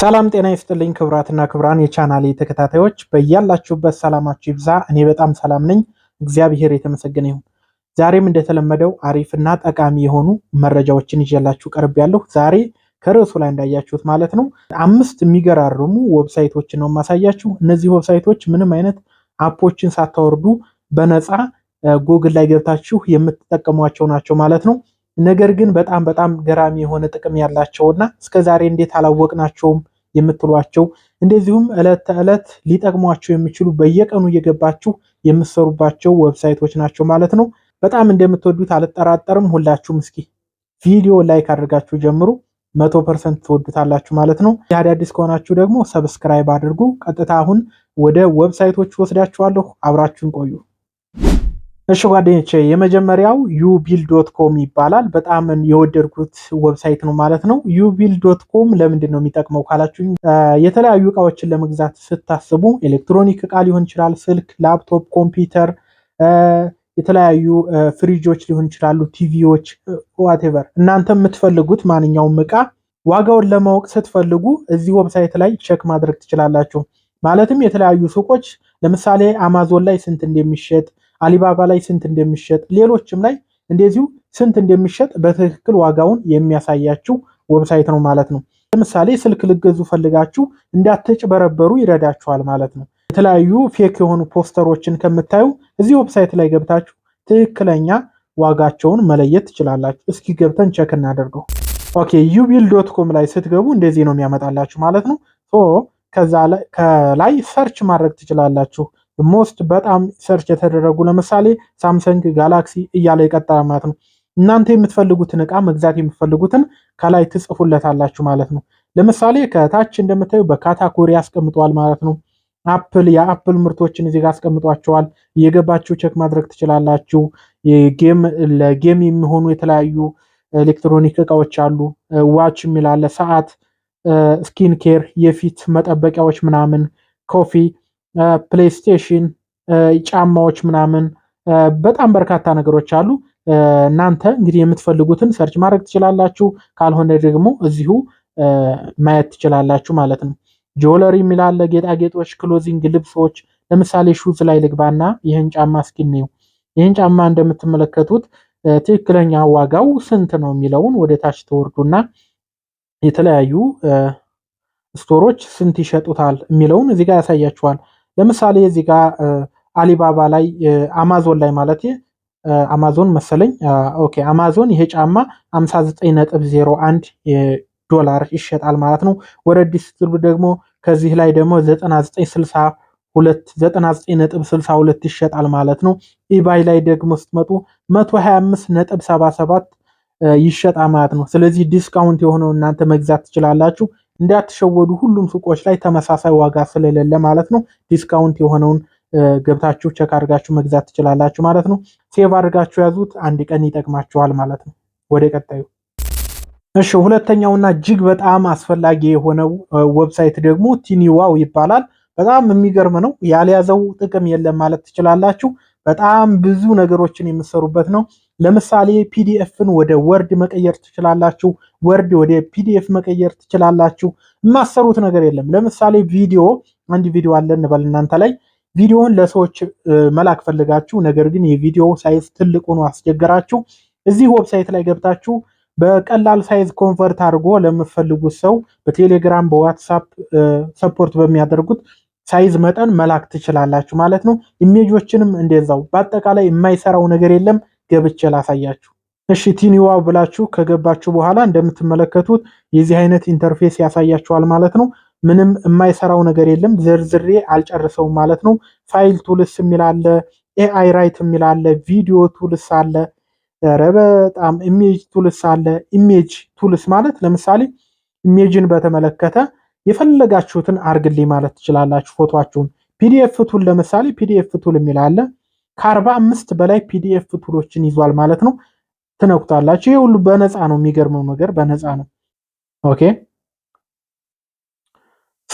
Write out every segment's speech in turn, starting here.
ሰላም ጤና ይስጥልኝ ክቡራትና ክቡራን የቻናሌ ተከታታዮች በያላችሁበት ሰላማችሁ ይብዛ። እኔ በጣም ሰላም ነኝ፣ እግዚአብሔር የተመሰገነ ይሁን። ዛሬም እንደተለመደው አሪፍና ጠቃሚ የሆኑ መረጃዎችን ይዤላችሁ ቀርብ ያለሁ። ዛሬ ከርዕሱ ላይ እንዳያችሁት ማለት ነው አምስት የሚገራርሙ ዌብሳይቶችን ነው የማሳያችሁ። እነዚህ ዌብሳይቶች ምንም አይነት አፖችን ሳታወርዱ በነፃ ጉግል ላይ ገብታችሁ የምትጠቀሟቸው ናቸው ማለት ነው። ነገር ግን በጣም በጣም ገራሚ የሆነ ጥቅም ያላቸውና እስከ ዛሬ እንዴት አላወቅናቸውም የምትሏቸው እንደዚሁም ዕለት ተዕለት ሊጠቅሟቸው የሚችሉ በየቀኑ እየገባችሁ የምትሰሩባቸው ዌብሳይቶች ናቸው ማለት ነው። በጣም እንደምትወዱት አልጠራጠርም። ሁላችሁም እስኪ ቪዲዮ ላይክ አድርጋችሁ ጀምሩ። መቶ ፐርሰንት ትወዱታላችሁ ማለት ነው። አዳዲስ ከሆናችሁ ደግሞ ሰብስክራይብ አድርጉ። ቀጥታ አሁን ወደ ዌብሳይቶች ወስዳችኋለሁ። አብራችሁን ቆዩ። እሺ ጓደኞቼ የመጀመሪያው ዩቢል ዶት ኮም ይባላል። በጣም የወደድኩት ዌብሳይት ነው ማለት ነው። ዩቢል ዶት ኮም ለምንድን ነው የሚጠቅመው ካላችሁ የተለያዩ እቃዎችን ለመግዛት ስታስቡ ኤሌክትሮኒክ እቃ ሊሆን ይችላል፣ ስልክ፣ ላፕቶፕ፣ ኮምፒውተር፣ የተለያዩ ፍሪጆች ሊሆን ይችላሉ፣ ቲቪዎች፣ ዋቴቨር እናንተ የምትፈልጉት ማንኛውም እቃ ዋጋውን ለማወቅ ስትፈልጉ እዚህ ዌብሳይት ላይ ቸክ ማድረግ ትችላላችሁ። ማለትም የተለያዩ ሱቆች ለምሳሌ አማዞን ላይ ስንት እንደሚሸጥ አሊባባ ላይ ስንት እንደሚሸጥ ሌሎችም ላይ እንደዚሁ ስንት እንደሚሸጥ በትክክል ዋጋውን የሚያሳያችው ዌብሳይት ነው ማለት ነው። ለምሳሌ ስልክ ልገዙ ፈልጋችሁ እንዳትጭበረበሩ ይረዳችኋል ማለት ነው። የተለያዩ ፌክ የሆኑ ፖስተሮችን ከምታዩ እዚህ ዌብሳይት ላይ ገብታችሁ ትክክለኛ ዋጋቸውን መለየት ትችላላችሁ። እስኪ ገብተን ቸክ እናደርገው። ኦኬ ዩቢል ዶት ኮም ላይ ስትገቡ እንደዚህ ነው የሚያመጣላችሁ ማለት ነው። ከዛ ከላይ ሰርች ማድረግ ትችላላችሁ። ሞስት በጣም ሰርች የተደረጉ ለምሳሌ ሳምሰንግ ጋላክሲ እያለ የቀጠለ ማለት ነው። እናንተ የምትፈልጉትን እቃ መግዛት የምትፈልጉትን ከላይ ትጽፉለታላችሁ ማለት ነው። ለምሳሌ ከታች እንደምታዩ በካታጎሪ ያስቀምጠዋል ማለት ነው። አፕል የአፕል ምርቶችን እዚህ ጋር አስቀምጧቸዋል። እየገባችሁ ቼክ ማድረግ ትችላላችሁ። ለጌም የሚሆኑ የተለያዩ ኤሌክትሮኒክ እቃዎች አሉ። ዋች የሚላለ ሰዓት፣ ስኪን ኬር፣ የፊት መጠበቂያዎች ምናምን፣ ኮፊ ፕሌይስቴሽን፣ ጫማዎች ምናምን በጣም በርካታ ነገሮች አሉ። እናንተ እንግዲህ የምትፈልጉትን ሰርች ማድረግ ትችላላችሁ። ካልሆነ ደግሞ እዚሁ ማየት ትችላላችሁ ማለት ነው። ጆለሪ የሚላለ ጌጣጌጦች፣ ክሎዚንግ፣ ልብሶች ለምሳሌ ሹዝ ላይ ልግባና ይህን ጫማ እስኪን ይህን ጫማ እንደምትመለከቱት ትክክለኛ ዋጋው ስንት ነው የሚለውን ወደ ታች ተወርዱና የተለያዩ ስቶሮች ስንት ይሸጡታል የሚለውን እዚህ ጋር ያሳያችኋል። ለምሳሌ እዚህ ጋር አሊባባ ላይ አማዞን ላይ ማለት አማዞን መሰለኝ ኦኬ አማዞን ይሄ ጫማ 59.01 ዶላር ይሸጣል ማለት ነው። ወረድ ስትሉ ደግሞ ከዚህ ላይ ደግሞ 99.62 ይሸጣል ማለት ነው። ኢባይ ላይ ደግሞ ስትመጡ 125.77 ይሸጣል ማለት ነው። ስለዚህ ዲስካውንት የሆነው እናንተ መግዛት ትችላላችሁ። እንዳትሸወዱ ሁሉም ሱቆች ላይ ተመሳሳይ ዋጋ ስለሌለ ማለት ነው። ዲስካውንት የሆነውን ገብታችሁ ቸክ አድርጋችሁ መግዛት ትችላላችሁ ማለት ነው። ሴቭ አድርጋችሁ ያዙት፣ አንድ ቀን ይጠቅማችኋል ማለት ነው። ወደ ቀጣዩ እሺ፣ ሁለተኛውና እጅግ በጣም አስፈላጊ የሆነው ዌብሳይት ደግሞ ቲኒዋው ይባላል። በጣም የሚገርም ነው። ያልያዘው ጥቅም የለም ማለት ትችላላችሁ። በጣም ብዙ ነገሮችን የምትሰሩበት ነው። ለምሳሌ ፒዲኤፍን ወደ ወርድ መቀየር ትችላላችሁ። ወርድ ወደ ፒዲኤፍ መቀየር ትችላላችሁ። የማሰሩት ነገር የለም። ለምሳሌ ቪዲዮ፣ አንድ ቪዲዮ አለ እንበል እናንተ ላይ ቪዲዮውን ለሰዎች መላክ ፈልጋችሁ፣ ነገር ግን የቪዲዮ ሳይዝ ትልቁ ነው አስቸገራችሁ። እዚህ ዌብሳይት ላይ ገብታችሁ በቀላል ሳይዝ ኮንቨርት አድርጎ ለምፈልጉት ሰው በቴሌግራም በዋትሳፕ ሰፖርት በሚያደርጉት ሳይዝ መጠን መላክ ትችላላችሁ ማለት ነው። ኢሜጆችንም እንደዛው። በአጠቃላይ የማይሰራው ነገር የለም። ገብቼ ላሳያችሁ። እሺ ቲኒዋ ብላችሁ ከገባችሁ በኋላ እንደምትመለከቱት የዚህ አይነት ኢንተርፌስ ያሳያችኋል ማለት ነው። ምንም የማይሰራው ነገር የለም። ዝርዝሬ አልጨርሰውም ማለት ነው። ፋይል ቱልስ የሚላለ ኤአይ ራይት የሚላለ ቪዲዮ ቱልስ አለ። ኧረ በጣም ኢሜጅ ቱልስ አለ። ኢሜጅ ቱልስ ማለት ለምሳሌ ኢሜጅን በተመለከተ የፈለጋችሁትን አርግልኝ ማለት ትችላላችሁ። ፎቶችሁን ፒዲኤፍ ቱል ለምሳሌ ፒዲኤፍ ቱል የሚላለ ከአርባ አምስት በላይ ፒዲኤፍ ቱሎችን ይዟል ማለት ነው። ትነኩታላችሁ። ይህ ሁሉ በነፃ ነው። የሚገርመው ነገር በነፃ ነው። ኦኬ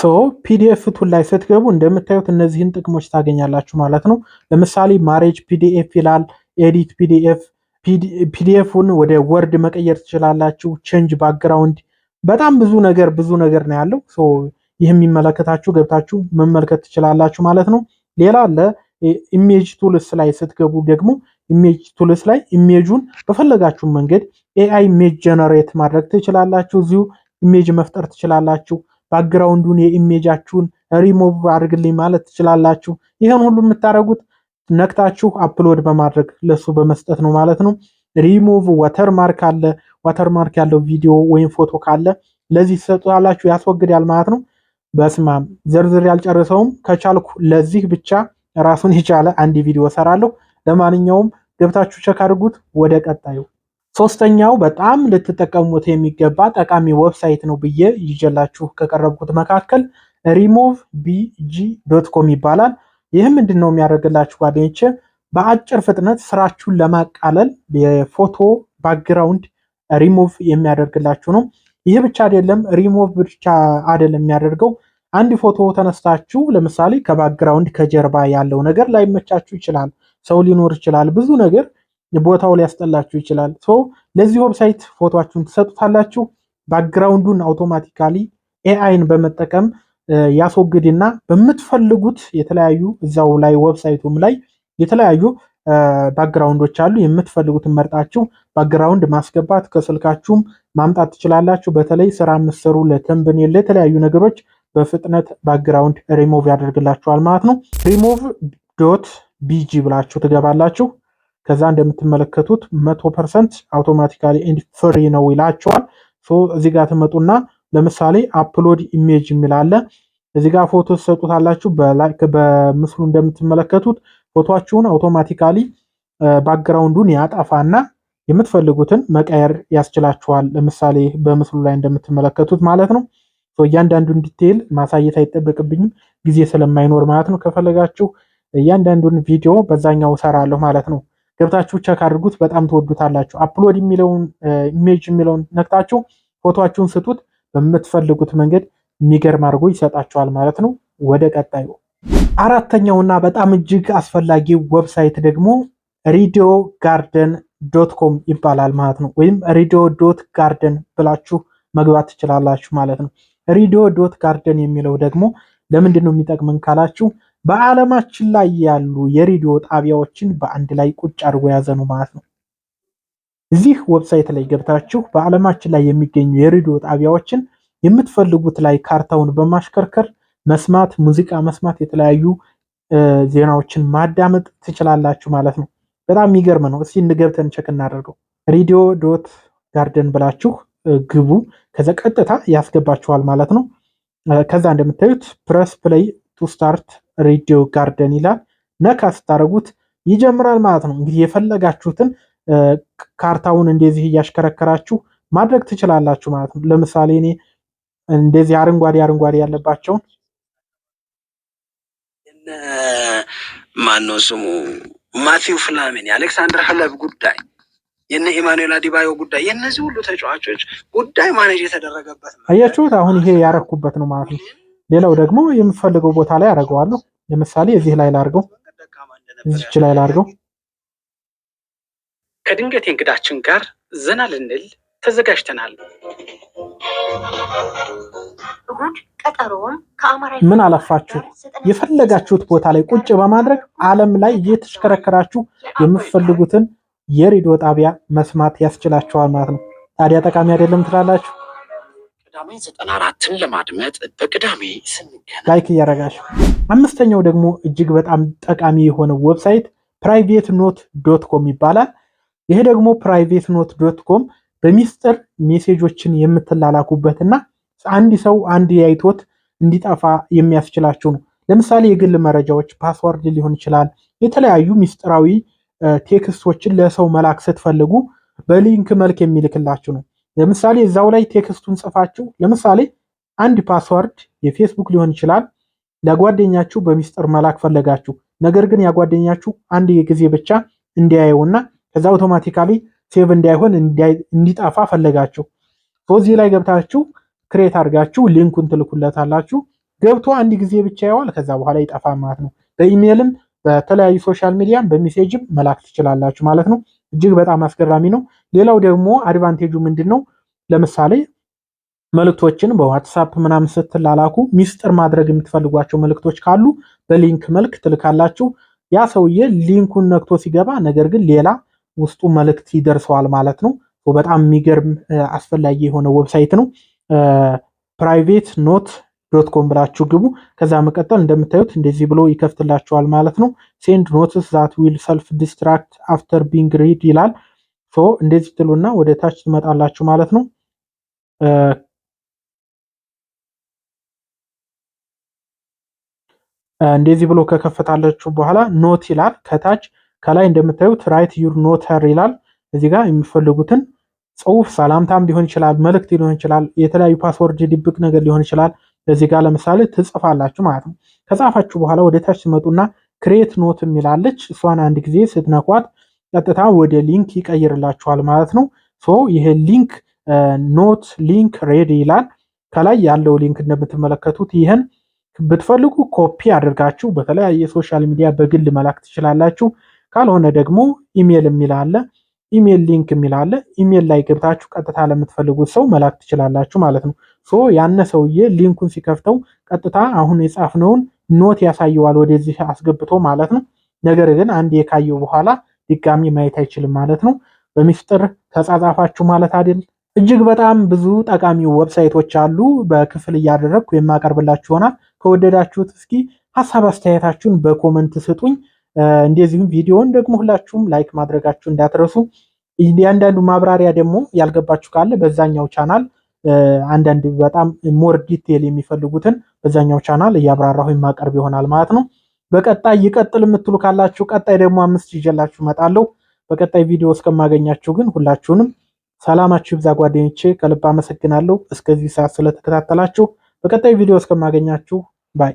ሶ ፒዲኤፍ ቱል ላይ ስትገቡ እንደምታዩት እነዚህን ጥቅሞች ታገኛላችሁ ማለት ነው። ለምሳሌ ማሬጅ ፒዲኤፍ ይላል። ኤዲት ፒዲኤፍ፣ ፒዲኤፉን ወደ ወርድ መቀየር ትችላላችሁ። ቼንጅ ባክግራውንድ፣ በጣም ብዙ ነገር ብዙ ነገር ነው ያለው። ይህ የሚመለከታችሁ ገብታችሁ መመልከት ትችላላችሁ ማለት ነው። ሌላ አለ ኢሜጅ ቱልስ ላይ ስትገቡ ደግሞ ኢሜጅ ቱልስ ላይ ኢሜጁን በፈለጋችሁ መንገድ ኤአይ ኢሜጅ ጀነሬት ማድረግ ትችላላችሁ። እዚሁ ኢሜጅ መፍጠር ትችላላችሁ። ባክግራውንዱን የኢሜጃችሁን ሪሞቭ አድርግልኝ ማለት ትችላላችሁ። ይህን ሁሉ የምታደርጉት ነክታችሁ አፕሎድ በማድረግ ለሱ በመስጠት ነው ማለት ነው። ሪሞቭ ዋተር ማርክ አለ። ዋተር ያለው ቪዲዮ ወይም ፎቶ ካለ ለዚህ ትሰጡታላችሁ፣ ያስወግዳል ማለት ነው። በስማም ዘርዝር ያልጨርሰውም ከቻልኩ ለዚህ ብቻ ራሱን የቻለ አንድ ቪዲዮ ሰራለሁ። ለማንኛውም ገብታችሁ ቸክ አድርጉት። ወደ ቀጣዩ ሶስተኛው በጣም ልትጠቀሙት የሚገባ ጠቃሚ ዌብሳይት ነው ብዬ ይዤላችሁ ከቀረብኩት መካከል ሪሞቭ ቢጂ ዶት ኮም ይባላል። ይህ ምንድን ነው የሚያደርግላችሁ ጓደኞቼ በአጭር ፍጥነት ስራችሁን ለማቃለል የፎቶ ባክግራውንድ ሪሞቭ የሚያደርግላችሁ ነው። ይህ ብቻ አይደለም፣ ሪሞቭ ብቻ አይደለም የሚያደርገው አንድ ፎቶ ተነስታችሁ ለምሳሌ ከባክግራውንድ ከጀርባ ያለው ነገር ላይመቻችሁ ይችላል። ሰው ሊኖር ይችላል። ብዙ ነገር ቦታው ሊያስጠላችሁ ይችላል። ሶ ለዚህ ዌብሳይት ፎቶችሁን ትሰጡታላችሁ። ባክግራውንዱን አውቶማቲካሊ ኤአይን በመጠቀም ያስወግድና በምትፈልጉት የተለያዩ እዛው ላይ ዌብሳይቱም ላይ የተለያዩ ባክግራውንዶች አሉ። የምትፈልጉትን መርጣችሁ ባክግራውንድ ማስገባት ከስልካችሁም ማምጣት ትችላላችሁ። በተለይ ስራ የምትሰሩ ለተንብኔ ለተለያዩ ነገሮች በፍጥነት ባክግራውንድ ሪሞቭ ያደርግላችኋል ማለት ነው። ሪሞቭ ዶት ቢጂ ብላችሁ ትገባላችሁ። ከዛ እንደምትመለከቱት መቶ ፐርሰንት አውቶማቲካሊ ኤንድ ፍሪ ነው ይላችኋል። እዚህ ጋር ትመጡና ለምሳሌ አፕሎድ ኢሜጅ የሚላለ እዚህ ጋር ፎቶ ትሰጡታላችሁ። በምስሉ እንደምትመለከቱት ፎቶችሁን አውቶማቲካሊ ባክግራውንዱን ያጠፋና የምትፈልጉትን መቀየር ያስችላችኋል። ለምሳሌ በምስሉ ላይ እንደምትመለከቱት ማለት ነው። እያንዳንዱን ዲቴይል ማሳየት አይጠበቅብኝም ጊዜ ስለማይኖር ማለት ነው። ከፈለጋችሁ እያንዳንዱን ቪዲዮ በዛኛው እሰራለሁ ማለት ነው። ገብታችሁ ቸክ አድርጉት፣ በጣም ትወዱታላችሁ። አፕሎድ የሚለውን ኢሜጅ የሚለውን ነክታችሁ ፎቶችሁን ስጡት። በምትፈልጉት መንገድ የሚገርም አድርጎ ይሰጣችኋል ማለት ነው። ወደ ቀጣዩ አራተኛውና በጣም እጅግ አስፈላጊ ዌብሳይት ደግሞ ሪዲዮ ጋርደን ዶት ኮም ይባላል ማለት ነው። ወይም ሪዲዮ ዶት ጋርደን ብላችሁ መግባት ትችላላችሁ ማለት ነው። ሪዶ ዶት ጋርደን የሚለው ደግሞ ለምንድን ነው የሚጠቅመን ካላችሁ በዓለማችን ላይ ያሉ የሬዲዮ ጣቢያዎችን በአንድ ላይ ቁጭ አድርጎ የያዘ ነው ማለት ነው። እዚህ ዌብሳይት ላይ ገብታችሁ በዓለማችን ላይ የሚገኙ የሬዲዮ ጣቢያዎችን የምትፈልጉት ላይ ካርታውን በማሽከርከር መስማት፣ ሙዚቃ መስማት፣ የተለያዩ ዜናዎችን ማዳመጥ ትችላላችሁ ማለት ነው። በጣም የሚገርም ነው። እስኪ እንገብተን ቸክ እናደርገው። ሬዲዮ ዶት ጋርደን ብላችሁ ግቡ ከዛ ቀጥታ ያስገባችኋል ማለት ነው። ከዛ እንደምታዩት ፕረስ ፕሌይ ቱ ስታርት ሬዲዮ ጋርደን ይላል። ነካ ስታደረጉት ይጀምራል ማለት ነው። እንግዲህ የፈለጋችሁትን ካርታውን እንደዚህ እያሽከረከራችሁ ማድረግ ትችላላችሁ ማለት ነው። ለምሳሌ እኔ እንደዚህ አረንጓዴ አረንጓዴ ያለባቸውን ማነው ስሙ ማቲው ፍላሜን አሌክሳንደር ሀለብ ጉዳይ የነ ኢማኑኤል አዲባዮ ጉዳይ የነዚህ ሁሉ ተጫዋቾች ጉዳይ ማኔጅ የተደረገበት ነው። አያችሁት? አሁን ይሄ ያረኩበት ነው ማለት ነው። ሌላው ደግሞ የምፈልገው ቦታ ላይ አደርገዋለሁ። ለምሳሌ እዚህ ላይ ላርገው፣ እዚች ላይ ላርገው። ከድንገት እንግዳችን ጋር ዘና ልንል ተዘጋጅተናል። ምን አለፋችሁ የፈለጋችሁት ቦታ ላይ ቁጭ በማድረግ ዓለም ላይ እየተሽከረከራችሁ የምትፈልጉትን የሬዲዮ ጣቢያ መስማት ያስችላቸዋል ማለት ነው። ታዲያ ጠቃሚ አይደለም ትላላችሁ? ቅዳሜ ዘጠና አራትን ለማድመጥ በቅዳሜ ስንገናኝ ላይክ እያደረጋችሁ። አምስተኛው ደግሞ እጅግ በጣም ጠቃሚ የሆነው ዌብሳይት ፕራይቬት ኖት ዶት ኮም ይባላል። ይሄ ደግሞ ፕራይቬት ኖት ዶት ኮም በሚስጥር ሜሴጆችን የምትላላኩበት እና አንድ ሰው አንድ ያይቶት እንዲጠፋ የሚያስችላችሁ ነው። ለምሳሌ የግል መረጃዎች ፓስወርድ ሊሆን ይችላል። የተለያዩ ሚስጥራዊ ቴክስቶችን ለሰው መላክ ስትፈልጉ በሊንክ መልክ የሚልክላችሁ ነው። ለምሳሌ እዛው ላይ ቴክስቱን ጽፋችሁ ለምሳሌ አንድ ፓስዋርድ የፌስቡክ ሊሆን ይችላል ለጓደኛችሁ በሚስጥር መላክ ፈለጋችሁ። ነገር ግን ያጓደኛችሁ አንድ ጊዜ ብቻ እንዲያየውና ከዛ አውቶማቲካሊ ሴቭ እንዳይሆን እንዲጠፋ ፈለጋችሁ። እዚህ ላይ ገብታችሁ ክሬት አድርጋችሁ ሊንኩን ትልኩለታላችሁ። ገብቶ አንድ ጊዜ ብቻ ያዋል፣ ከዛ በኋላ ይጠፋ ማለት ነው። በኢሜይልም በተለያዩ ሶሻል ሚዲያም በሚሴጅም መላክ ትችላላችሁ ማለት ነው። እጅግ በጣም አስገራሚ ነው። ሌላው ደግሞ አድቫንቴጁ ምንድን ነው? ለምሳሌ መልእክቶችን በዋትሳፕ ምናምን ስትላላኩ ሚስጥር ማድረግ የምትፈልጓቸው መልእክቶች ካሉ በሊንክ መልክ ትልካላችሁ። ያ ሰውዬ ሊንኩን ነክቶ ሲገባ ነገር ግን ሌላ ውስጡ መልእክት ይደርሰዋል ማለት ነው። በጣም የሚገርም አስፈላጊ የሆነ ዌብሳይት ነው። ፕራይቬት ኖት ዶት ኮም ብላችሁ ግቡ። ከዛ መቀጠል እንደምታዩት እንደዚህ ብሎ ይከፍትላችኋል ማለት ነው። ሴንድ ኖትስ ዛት ዊል ሰልፍ ዲስትራክት አፍተር ቢንግ ሪድ ይላል። ሶ እንደዚህ ትሉና ወደ ታች ትመጣላችሁ ማለት ነው። እንደዚህ ብሎ ከከፈታላችሁ በኋላ ኖት ይላል ከታች። ከላይ እንደምታዩት ራይት ዩር ኖተር ይላል። እዚህ ጋር የሚፈልጉትን ጽሁፍ ሰላምታም ሊሆን ይችላል፣ መልእክት ሊሆን ይችላል፣ የተለያዩ ፓስወርድ ድብቅ ነገር ሊሆን ይችላል እዚህ ጋር ለምሳሌ ትጽፋላችሁ ማለት ነው። ከጻፋችሁ በኋላ ወደ ታች ሲመጡና ክሬት ኖት የሚላለች እሷን አንድ ጊዜ ስትነኳት ቀጥታ ወደ ሊንክ ይቀይርላችኋል ማለት ነው። ሶ ይሄ ሊንክ ኖት ሊንክ ሬዲ ይላል። ከላይ ያለው ሊንክ እንደምትመለከቱት ይህን ብትፈልጉ ኮፒ አድርጋችሁ በተለያየ ሶሻል ሚዲያ በግል መላክ ትችላላችሁ። ካልሆነ ደግሞ ኢሜል የሚላለ ኢሜል ሊንክ የሚላለ ኢሜል ላይ ገብታችሁ ቀጥታ ለምትፈልጉት ሰው መላክ ትችላላችሁ ማለት ነው። ሶ ያነ ሰውዬ ሊንኩን ሲከፍተው ቀጥታ አሁን የጻፍነውን ኖት ያሳየዋል ወደዚህ አስገብቶ ማለት ነው። ነገር ግን አንድ የካየው በኋላ ድጋሚ ማየት አይችልም ማለት ነው። በሚስጥር ተጻጻፋችሁ ማለት አይደል። እጅግ በጣም ብዙ ጠቃሚ ዌብሳይቶች አሉ። በክፍል እያደረግኩ የማቀርብላችሁ ይሆናል። ከወደዳችሁት እስኪ ሀሳብ አስተያየታችሁን በኮመንት ስጡኝ። እንደዚሁም ቪዲዮውን ደግሞ ሁላችሁም ላይክ ማድረጋችሁ እንዳትረሱ። እያንዳንዱ ማብራሪያ ደግሞ ያልገባችሁ ካለ በዛኛው ቻናል አንዳንድ በጣም ሞር ዲቴል የሚፈልጉትን በዛኛው ቻናል እያብራራሁ የማቀርብ ይሆናል ማለት ነው። በቀጣይ ይቀጥል የምትሉ ካላችሁ ቀጣይ ደግሞ አምስት ይዤላችሁ እመጣለሁ። በቀጣይ ቪዲዮ እስከማገኛችሁ ግን ሁላችሁንም ሰላማችሁ ይብዛ ጓደኞቼ፣ ከልብ አመሰግናለሁ እስከዚህ ሰዓት ስለተከታተላችሁ። በቀጣይ ቪዲዮ እስከማገኛችሁ ባይ